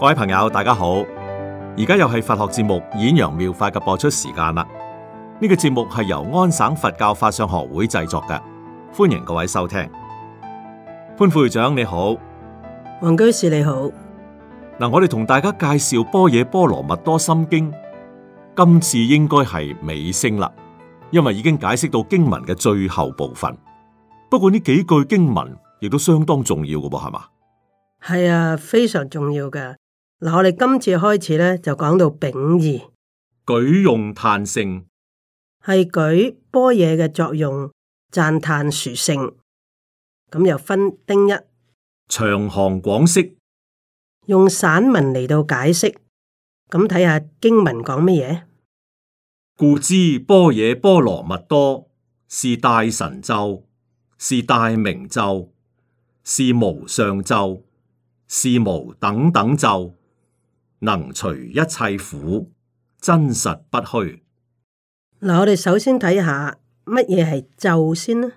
各位朋友，大家好！而家又係佛學節目《演揚妙、妙法》嘅播出時間啦。呢、這個節目係由安省佛教法相學會製作嘅，歡迎各位收聽。潘副會長你好，黃居士你好。嗱，我哋同大家介紹《般若波羅蜜多心經》，今次應該係尾聲啦，因為已經解釋到經文嘅最後部分。不過呢幾句經文亦都相當重要嘅喎，係嘛？係啊，非常重要嘅。嗱，我哋今次開始咧就講到丙二，舉用歎勝係舉般若嘅作用，贊嘆殊勝。咁又分丁一長行廣釋，用散文嚟到解釋。咁睇下經文講乜嘢？故知般若波羅蜜多是大神咒，是大明咒，是無上咒，是無等等咒。能除一切苦，真實不虛。嗱，我哋首先睇下乜嘢係咒先啦。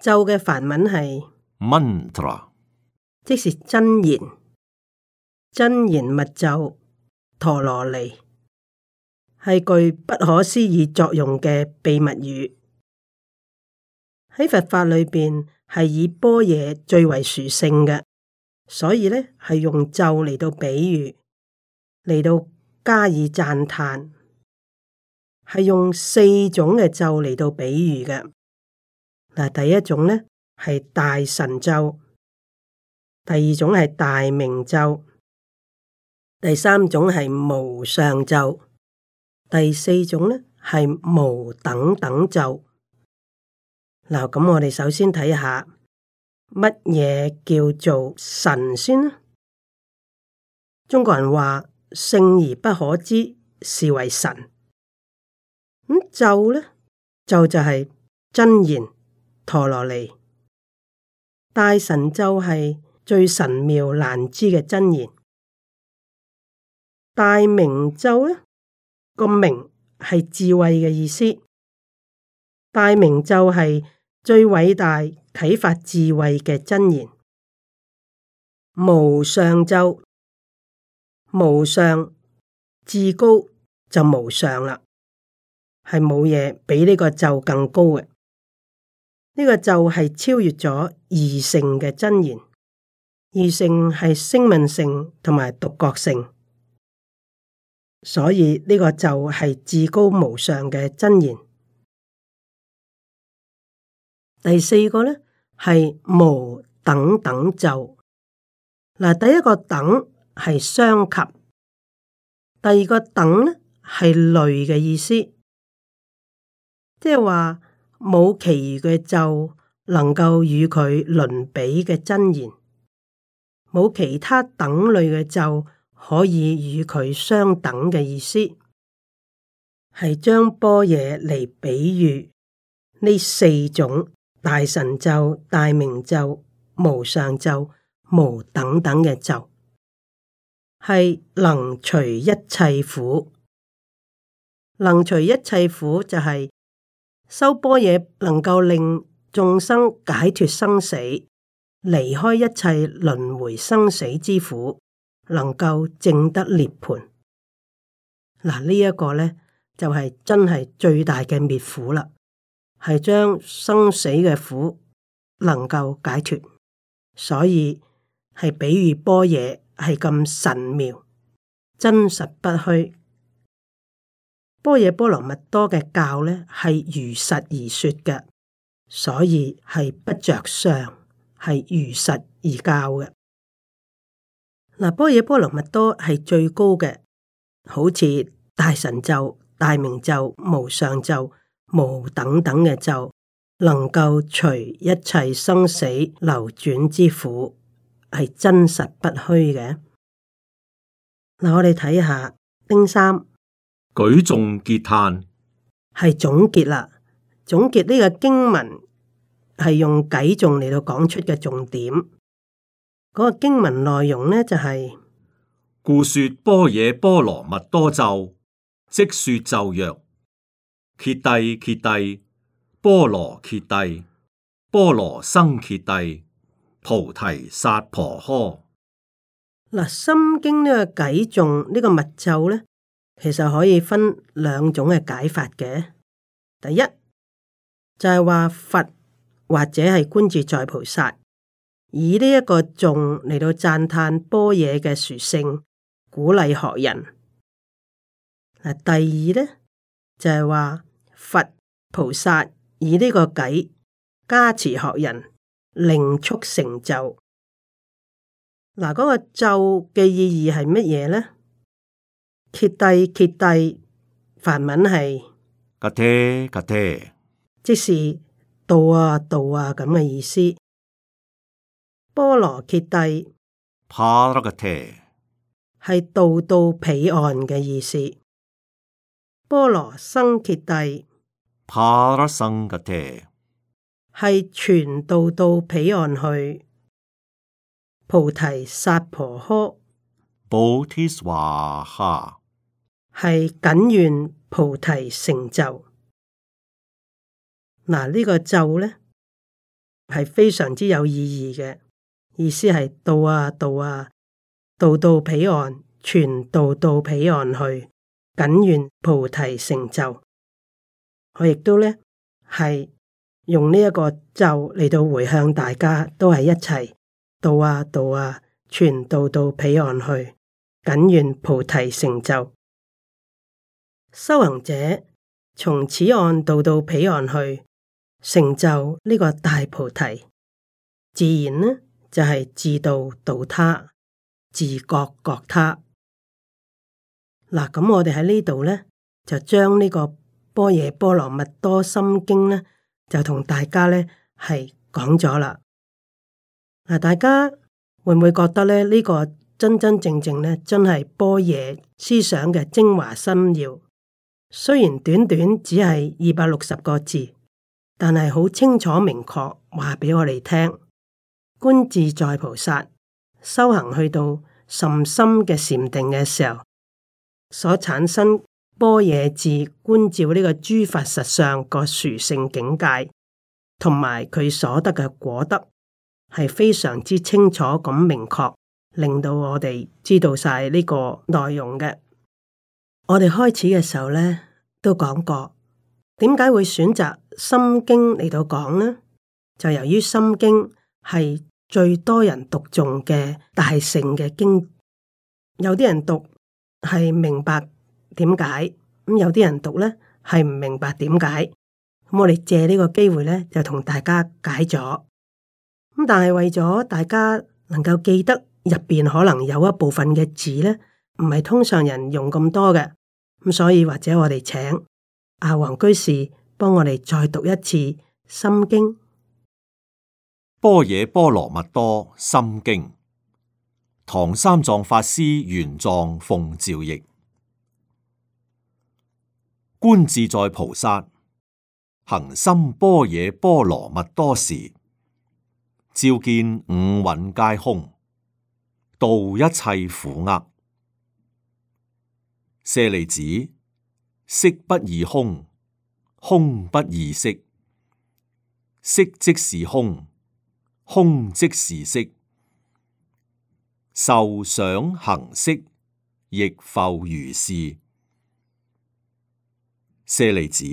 咒嘅梵文係 mantra，即是真言。真言密咒陀羅尼係具不可思議作用嘅秘密語。喺佛法裏邊係以般若最為殊勝嘅，所以咧係用咒嚟到比喻。嚟到加以讚嘆，係用四種嘅咒嚟到比喻嘅。嗱，第一種咧係大神咒，第二種係大明咒，第三種係無上咒，第四種咧係無等等咒。嗱，咁我哋首先睇下乜嘢叫做神仙呢？中國人話，聖而不可知，是為神。咁咒咧，咒就係真言陀羅尼。大神咒係最神妙難知嘅真言。大明咒咧，個明係智慧嘅意思。大明咒係最偉大，啟發智慧嘅真言。無上咒。無上至高就無上啦，係冇嘢比呢個咒更高嘅。呢、這個咒係超越咗異性嘅真言，異性係聲聞性同埋獨覺性，所以呢個咒係至高無上嘅真言。第四個咧係無等等咒，嗱，第一個等。係相及，第二個等呢，係類嘅意思，即係話冇其餘嘅咒能夠與佢倫比嘅真言，冇其他等類嘅咒可以與佢相等嘅意思，係將般若嚟比喻呢四種大神咒、大明咒、無上咒、無等等嘅咒。係能除一切苦，能除一切苦就係修般若，能夠令眾生解脱生死，離開一切輪迴生死之苦，能夠證得涅槃。嗱，這個、呢一個咧就係、是、真係最大嘅滅苦啦，係將生死嘅苦能夠解脱，所以係比喻般若。係咁神妙、真實不虛，般若波羅蜜多嘅教呢係如實而説嘅，所以係不着相，係如實而教嘅。嗱，般若波羅蜜多係最高嘅，好似大神咒、大明咒、無上咒、無等等嘅咒，能夠除一切生死流轉之苦。係真實不虛嘅。嗱，我哋睇下丁三舉重結歎，係總結啦。總結呢個經文係用偈重嚟到講出嘅重點。嗰、那個經文內容呢就係、是、故說般若波羅蜜多咒，即說咒曰：揭諦、揭諦、波羅揭諦、波羅僧揭諦。」菩提薩婆訶。心經呢個偈頌呢個密咒呢，其實可以分兩種嘅解法嘅。第一就係話佛或者係觀自在菩薩，以呢一個頌嚟到讚嘆般若嘅殊勝，鼓勵學人。第二呢，就係話佛菩薩以呢個偈加持學人。靈速成就，嗱、啊，嗰、那個咒嘅意義係乜嘢咧？揭諦揭諦，梵文係 kate kate，即是道啊道啊咁嘅意思。波羅揭諦，帕拉嘎爹係道到彼岸嘅意思。波羅僧揭諦，帕拉生嘎爹係全道到彼岸去，菩提薩婆訶。菩提薩哈，係緊願菩提成就。嗱，呢、這個咒咧係非常之有意義嘅，意思係道啊道啊，道、啊、到彼岸，全道到彼岸去，緊願菩提成就。我亦都咧係，用呢一個咒嚟到回向，大家都係一齊渡啊渡啊，全渡到彼岸去，緊願菩提成就。修行者從此岸渡到彼岸去，成就呢個大菩提，自然呢就係、是、自度度他，自覺，覺覺他。嗱，咁我哋喺呢度呢，就將呢、這個般若波羅蜜多心經呢。就同大家咧係講咗啦，嗱，大家會唔會覺得咧呢、這個真真正正咧真係般若思想嘅精華心要？雖然短短只係二百六十個字，但係好清楚明確話俾我哋聽，觀自在菩薩修行去到甚深嘅禪定嘅時候，所產生。般若智觀照呢個諸法實相個殊勝境界，同埋佢所得嘅果德，係非常之清楚咁明確，令到我哋知道晒呢個內容嘅。我哋開始嘅時候咧，都講過點解會選擇心經嚟到講呢？就由於心經係最多人讀誦嘅大乘嘅經，有啲人讀係明白。點解咁有啲人讀呢係唔明白點解？咁我哋借呢個機會呢，就同大家解咗。咁但係為咗大家能夠記得入邊可能有一部分嘅字呢，唔係通常人用咁多嘅，咁，所以或者我哋請阿黃居士幫我哋再讀一次《心經》。般若波羅蜜多心經，唐三藏法師玄奘奉詔譯。觀自在菩薩，行深般若波羅蜜多時，照見五蘊皆空，度一切苦厄。舍利子，色不異空，空不異色，色即是空，空即是色，受想行識，亦復如是。舍利子，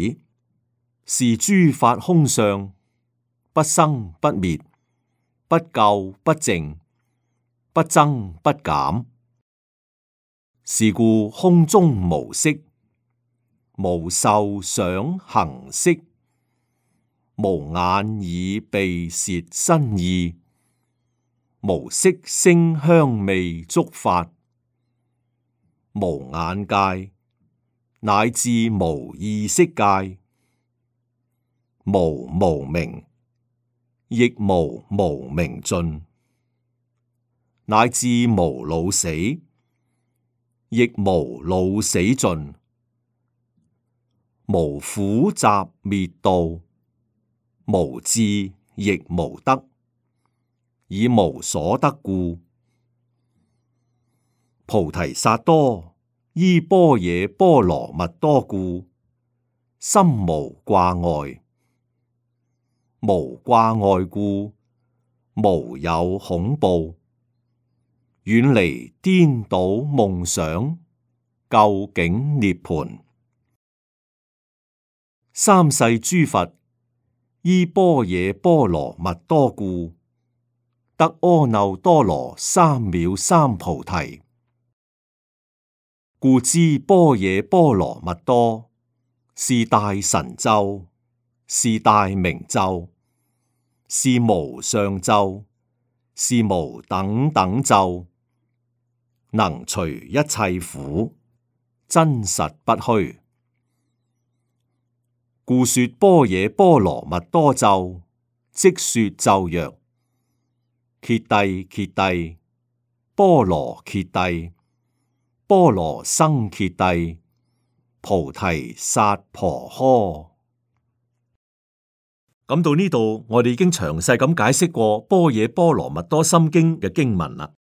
是諸法空相，不生不滅，不垢不淨，不增不減。是故空中無色，無受想行識，無眼耳鼻舌身意，無色聲香味觸法，無眼界。乃至無意識界，無無明，亦無無明盡；乃至無老死，亦無老死盡；無苦集滅道，無智亦無得，以無所得故，菩提薩埵。依般若波羅蜜多故，心無掛礙，無掛礙故，無有恐怖，遠離顛倒夢想，究竟涅槃。三世諸佛依般若波羅蜜多故，得阿耨多羅三藐三菩提。故知般若波羅蜜多是大神咒，是大明咒，是無上咒，是無等等咒，能除一切苦，真實不虛。故說般若波羅蜜多咒，即說咒曰：揭諦揭諦，波羅揭諦。波羅僧揭諦，菩提薩婆訶。咁到呢度，我哋已經詳細咁解釋過《般若波羅蜜多心經》嘅經文啦。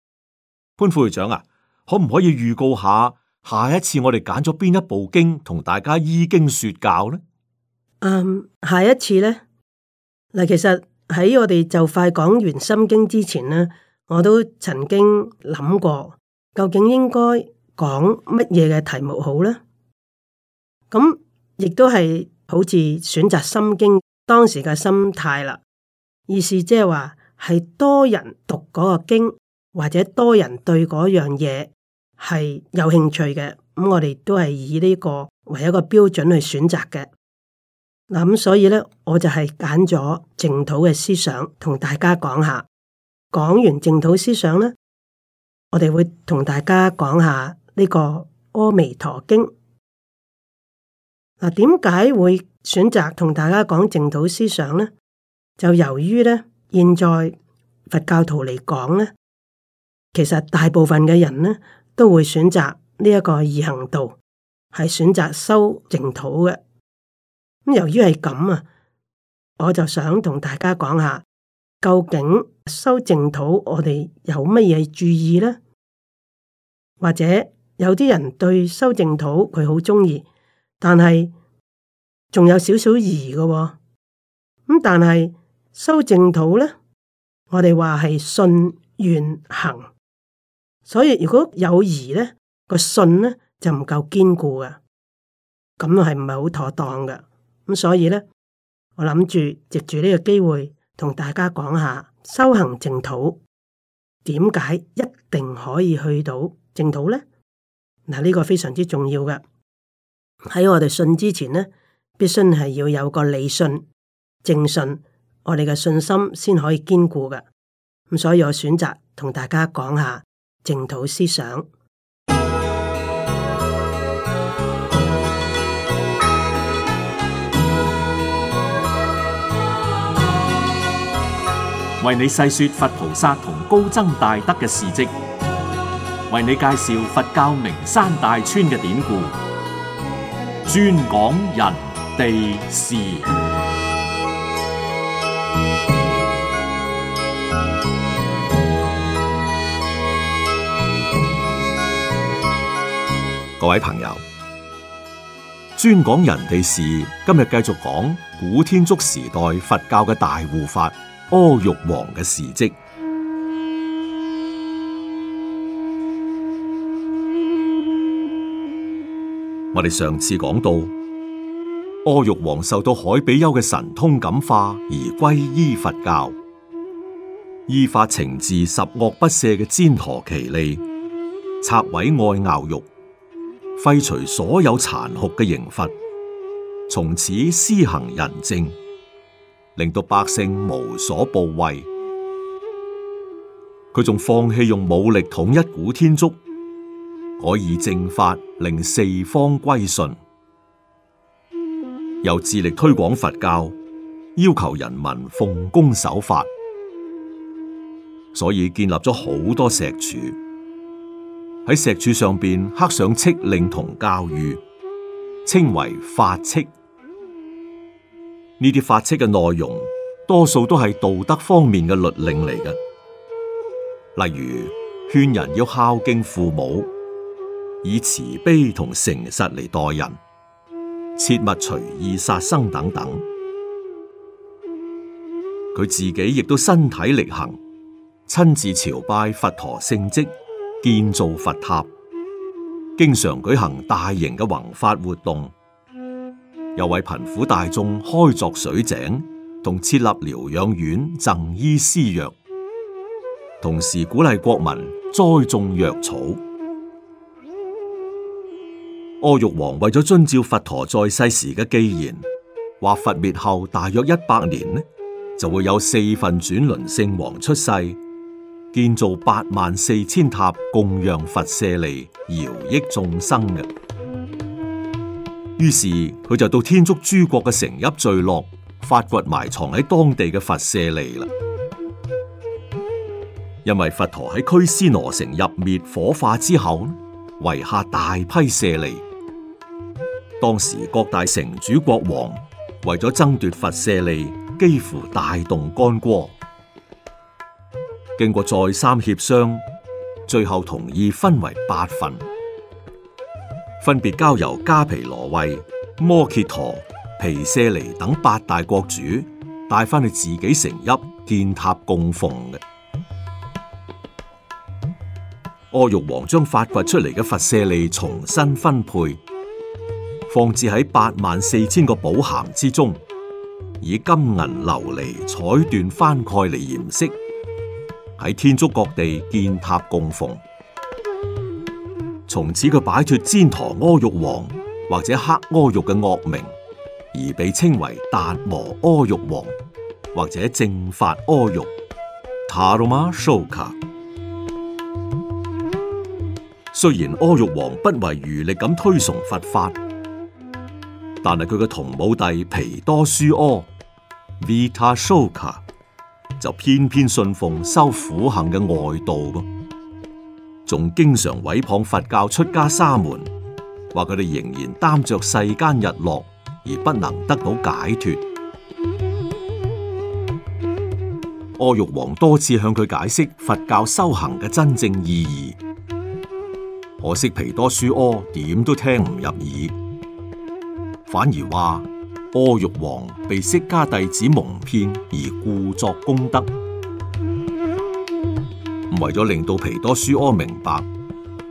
潘副會長啊，可唔可以預告下下一次我哋揀咗邊一部經同大家依經說教呢？嗯，下一次咧，嗱，其實喺我哋就快講完《心經》之前呢，我都曾經諗過，究竟應該講乜嘢嘅題目好咧？咁亦都係好似選擇《心經》當時嘅心態啦，意思即係話係多人讀嗰個經，或者多人對嗰樣嘢係有興趣嘅。咁我哋都係以呢個為一個標準去選擇嘅。嗱咁，所以咧，我就係揀咗淨土嘅思想同大家講下。講完淨土思想咧，我哋會同大家講下。呢個阿彌陀經嗱，點解會選擇同大家講淨土思想咧？就由於咧，現在佛教徒嚟講咧，其實大部分嘅人咧都會選擇呢一個易行道，係選擇修淨土嘅。咁由於係咁啊，我就想同大家講下，究竟修淨土我哋有乜嘢注意咧？或者？有啲人對修淨土佢好中意，但係仲有少少疑嘅。哦，咁但係修淨土咧，我哋話係信願行，所以如果有疑咧，個信咧就唔夠堅固嘅，咁係唔係好妥當嘅，咁所以咧，我諗住藉住呢個機會同大家講下修行淨土點解一定可以去到淨土咧。嗱，呢個非常之重要嘅，喺我哋信之前呢，必須係要有個理信、正信，我哋嘅信心先可以堅固嘅。咁所以我選擇同大家講下淨土思想，為你細說佛菩薩同高僧大德嘅事跡。為你介紹佛教名山大川嘅典故，專講人地事。各位朋友，專講人地事，今日繼續講古天竺時代佛教嘅大護法阿育王嘅事跡。我哋上次講到，阿育王受到海比丘嘅神通感化而皈依佛教，依法懲治十惡不赦嘅尖河奇利，拆毀愛樂獄，廢除所有殘酷嘅刑罰，從此施行仁政，令到百姓無所怖畏。佢仲放棄用武力統一古天竺。可以正法令四方歸順，又致力推廣佛教，要求人民奉公守法，所以建立咗好多石柱。喺石柱上邊刻上敕令同教育，稱為法敕。呢啲法敕嘅內容，多數都係道德方面嘅律令嚟嘅，例如勸人要孝敬父母。以慈悲同誠實嚟待人，切勿隨意殺生等等。佢自己亦都身體力行，親自朝拜佛陀聖跡，建造佛塔，經常舉行大型嘅弘法活動，又為貧苦大眾開鑿水井同設立療養院，贈醫施藥，同時鼓勵國民栽種藥草。阿育王為咗遵照佛陀在世時嘅記言，話佛滅後大約一百年呢，就會有四份轉輪聖王出世，建造八萬四千塔供養佛舍利，饒益眾生嘅。於是佢就到天竺諸國嘅城邑聚落，發掘埋藏喺當地嘅佛舍利啦。因為佛陀喺拘尸羅城入滅火化之後，遺下大批舍利。當時各大城主、國王為咗爭奪佛舍利，幾乎大動干戈。經過再三協商，最後同意分為八份，分別交由加皮羅衛、摩羯陀、皮舍利等八大國主帶翻去自己城邑建塔供奉嘅。阿育王將發掘出嚟嘅佛舍利重新分配。放置喺八萬四千個寶函之中，以金銀琉璃彩緞翻蓋嚟掩飾，喺天竺各地建塔供奉。從此佢擺脫旃陀阿育王或者黑阿育嘅惡名，而被稱為達摩阿育王或者正法阿育。塔羅馬蘇卡，雖然阿育王不遺餘力咁推崇佛法。但係佢嘅同母弟皮多舒柯，Vita Shoka 就偏偏信奉修苦行嘅外道，仲經常毀謗佛教出家沙門，話佢哋仍然擔着世間日落而不能得到解脫。阿育王多次向佢解釋佛教修行嘅真正意義，可惜皮多舒柯點都聽唔入耳。反而話阿育王被釋迦弟子蒙騙而故作功德，為咗令到皮多舒阿、啊、明白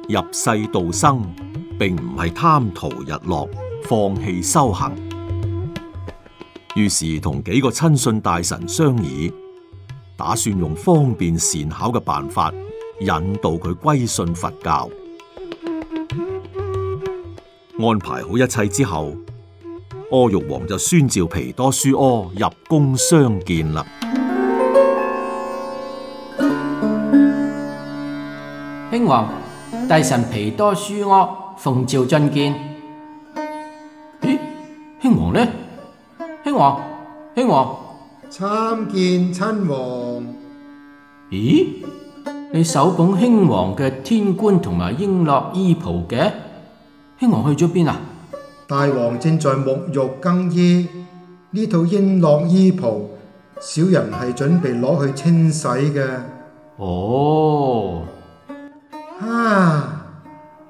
入世度生並唔係貪圖日落放棄修行，於是同幾個親信大臣商議，打算用方便善巧嘅辦法引導佢歸信佛教。安排好一切之後，阿育王就宣召皮多書阿入宮相見啦。興王，大臣皮多書阿奉召進見。咦，興王呢？興王，興王，參見親王。咦，你手捧興王嘅天冠同埋瓔珞衣袍嘅，興王去咗邊啊？大王正在沐浴更衣，呢套瓔珞衣袍，小人係準備攞去清洗嘅。哦，哈！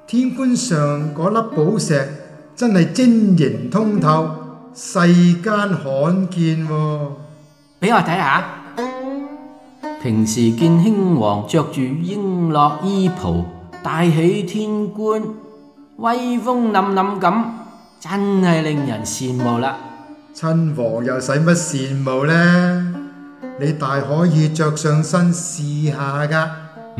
天冠上嗰粒寶石真係晶瑩通透，世間罕見喎！俾我睇下，平時見興王著住瓔珞衣袍，戴起天冠，威風凛凛咁。真係令人羨慕啦！親王又使乜羨慕呢？你大可以着上身試下㗎。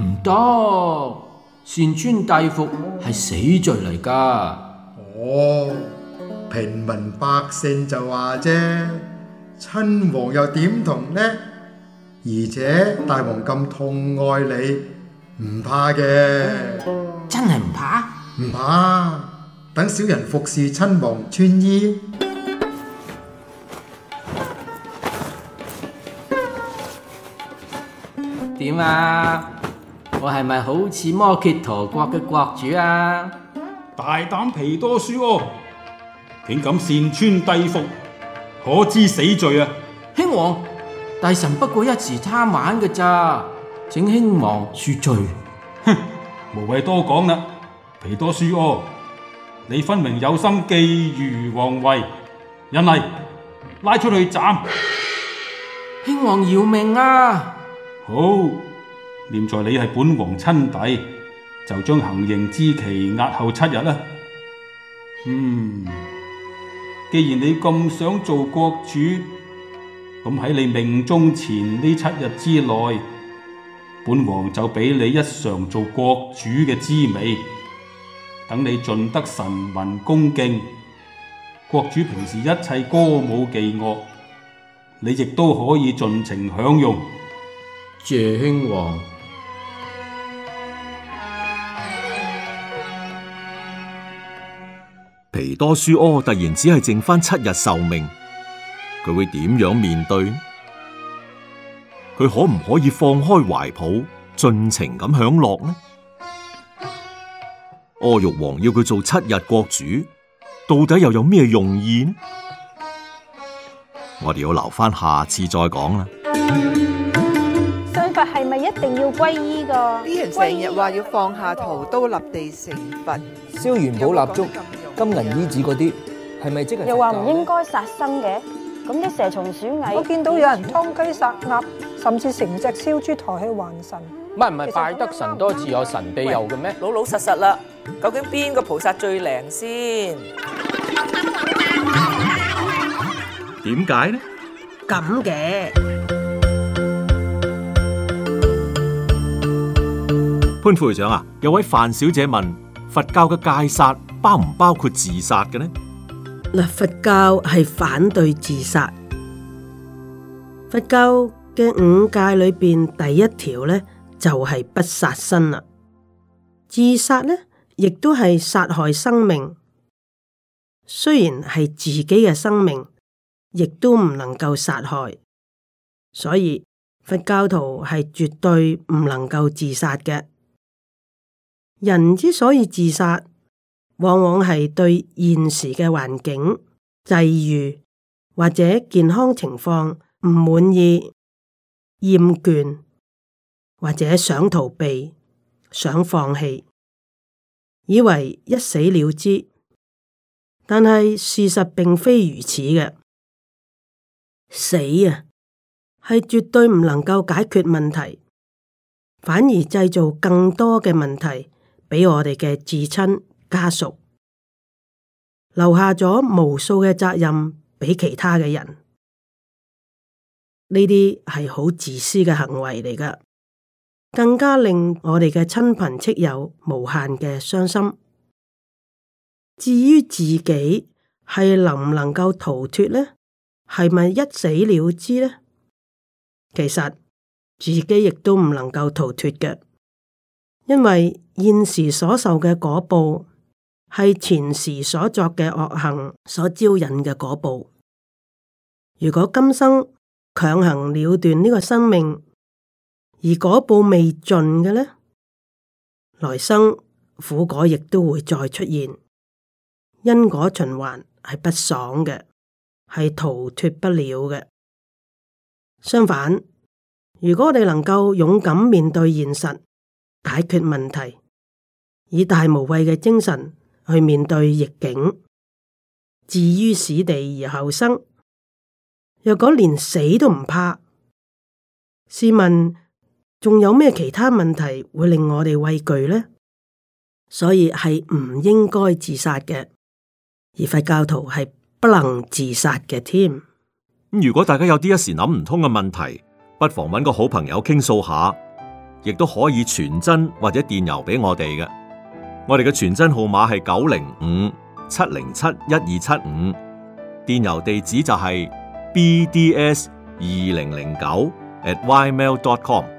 唔得，擅穿帝服係死罪嚟㗎。哦，平民百姓就話啫，親王又點同呢？而且大王咁痛愛你，唔怕嘅、嗯。真係唔怕？唔怕。等小人服侍親王穿衣點啊？我係咪好似摩羯陀國嘅國主啊？大膽皮多書哦！竟敢擅穿帝服，可知死罪啊！興王，大臣不過一時貪玩㗎咋，請興王恕罪。哼，無謂多講啦，皮多書哦！你分明有心覬覦皇位，人嚟拉出去斬！兄王饒命啊！好，念在你係本王親弟，就將行刑之期押後七日啦、啊。嗯，既然你咁想做國主，咁喺你命終前呢七日之內，本王就俾你一嘗做國主嘅滋味。等你盡得臣民恭敬，國主平時一切歌舞伎樂，你亦都可以盡情享用。謝興王，皮多書柯突然只係剩翻七日壽命，佢會點樣面對？佢可唔可以放開懷抱，盡情咁享樂呢？阿育、哦、王要佢做七日國主，到底又有咩用意？我哋要留翻下,下次再講啦。信佛係咪一定要皈依噶？啲人成日話要放下屠刀立地成佛，燒元寶蠟燭、金銀衣紙嗰啲，係咪即係？又話唔應該殺生嘅，咁啲蛇蟲鼠蟻，我見到有人殺雞殺鴨，甚至成隻燒豬抬起還神。唔係唔係，實拜得神多自、嗯、有神庇佑嘅咩？老老實實啦。究竟邊個菩薩最靈先？點解呢？咁嘅潘副會長啊，有位范小姐問：佛教嘅戒殺包唔包括自殺嘅呢？嗱，佛教係反對自殺。佛教嘅五戒裏邊第一條呢，就係不殺生啦。自殺呢？亦都係殺害生命，雖然係自己嘅生命，亦都唔能夠殺害。所以佛教徒係絕對唔能夠自殺嘅。人之所以自殺，往往係對現時嘅環境、際遇，或者健康情況唔滿意、厭倦，或者想逃避、想放棄。以為一死了之，但係事實並非如此嘅。死啊，係絕對唔能夠解決問題，反而製造更多嘅問題，畀我哋嘅至親家屬留下咗無數嘅責任畀其他嘅人。呢啲係好自私嘅行為嚟㗎。更加令我哋嘅親朋戚友無限嘅傷心。至於自己係能唔能夠逃脱呢？係咪一死了之呢？其實自己亦都唔能夠逃脱嘅，因為現時所受嘅果報係前時所作嘅惡行所招引嘅果報。如果今生強行了斷呢個生命，而果報未盡嘅呢，來生苦果亦都會再出現，因果循環係不爽嘅，係逃脱不了嘅。相反，如果你能夠勇敢面對現實，解決問題，以大無畏嘅精神去面對逆境，置於死地而後生，若果連死都唔怕，試問，仲有咩其他問題會令我哋畏懼呢？所以係唔應該自殺嘅，而佛教徒係不能自殺嘅添。如果大家有啲一時諗唔通嘅問題，不妨揾個好朋友傾訴下，亦都可以傳真或者電郵俾我哋嘅。我哋嘅傳真號碼係九零五七零七一二七五，75，電郵地址就係 bds 二零零九 @ymail.com。